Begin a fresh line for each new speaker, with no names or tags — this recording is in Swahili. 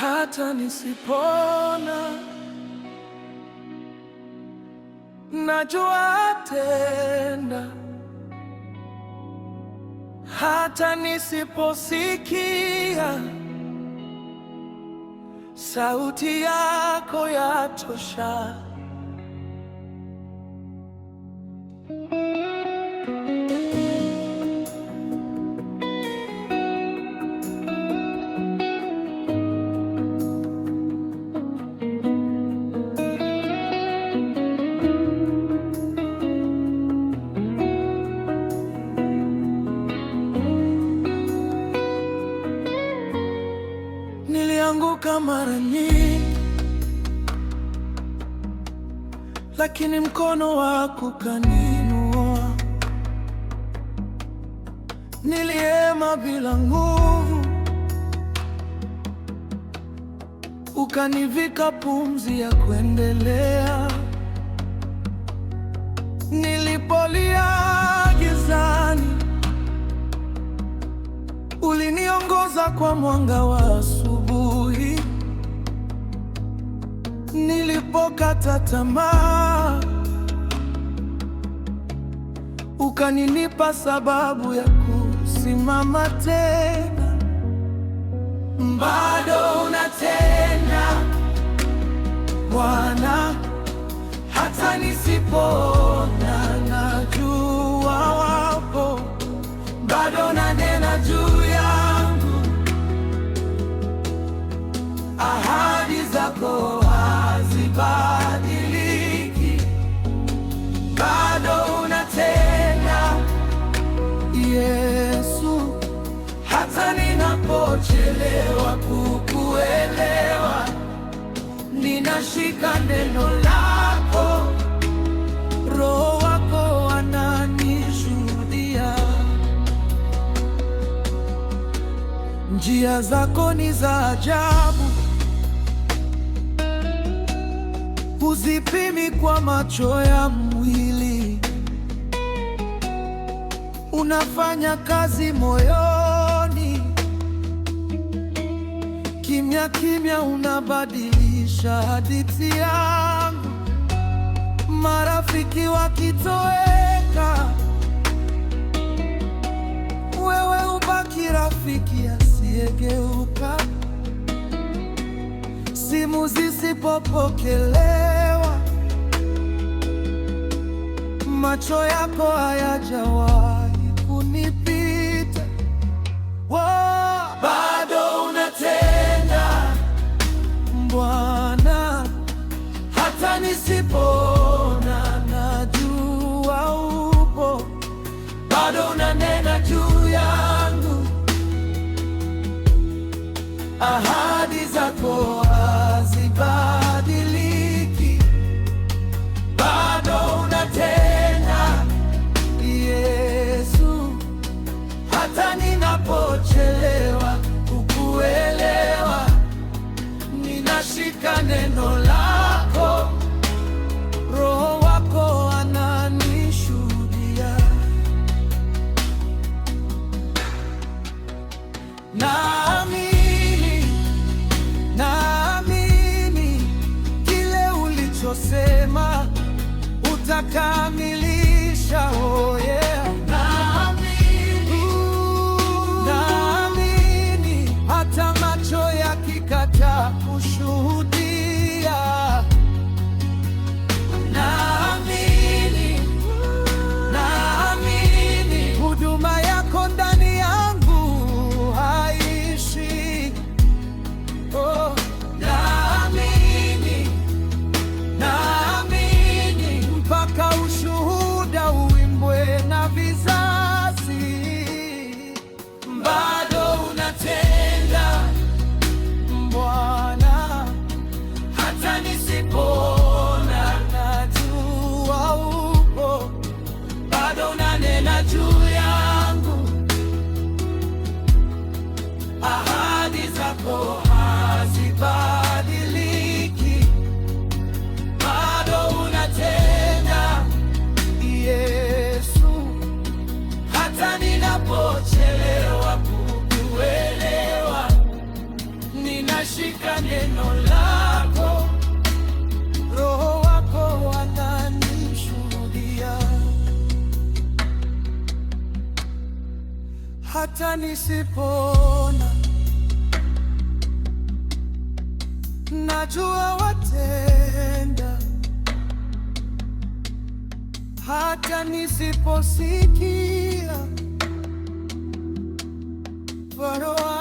hata nisipona, najua tena, hata nisiposikia sauti yako ya tosha. nimeanguka mara nyingi, lakini mkono wako kaninua. Niliema bila nguvu, ukanivika pumzi ya kuendelea. Nilipolia gizani, uliniongoza kwa mwanga wa nilipokata tamaa, ukaninipa sababu ya kusimama tena. Bado unatenda Bwana, hata nisipona, najua wapo, bado nanena juu yangu ahadi zako hata ninapochelewa kukuelewa, ninashika neno lako, Roho wako ananishuhudia. Njia zako ni za ajabu, huzipimi kwa macho ya mwili, unafanya kazi moyo Kimya kimya unabadilisha hadithi yangu, marafiki wakitoweka, wewe ubaki rafiki asiyegeuka. Simu zisipopokelewa, macho yako ayajawa nisipona, najua upo bado, unanena juu yangu. Aha. time bado unanena juu yangu,
ahadi zako hazibadiliki,
bado unatenda Yesu, hata ninapochelewa kukuelewa, ninashika neno la hata nisipona, najua watenda, hata nisiposikia bado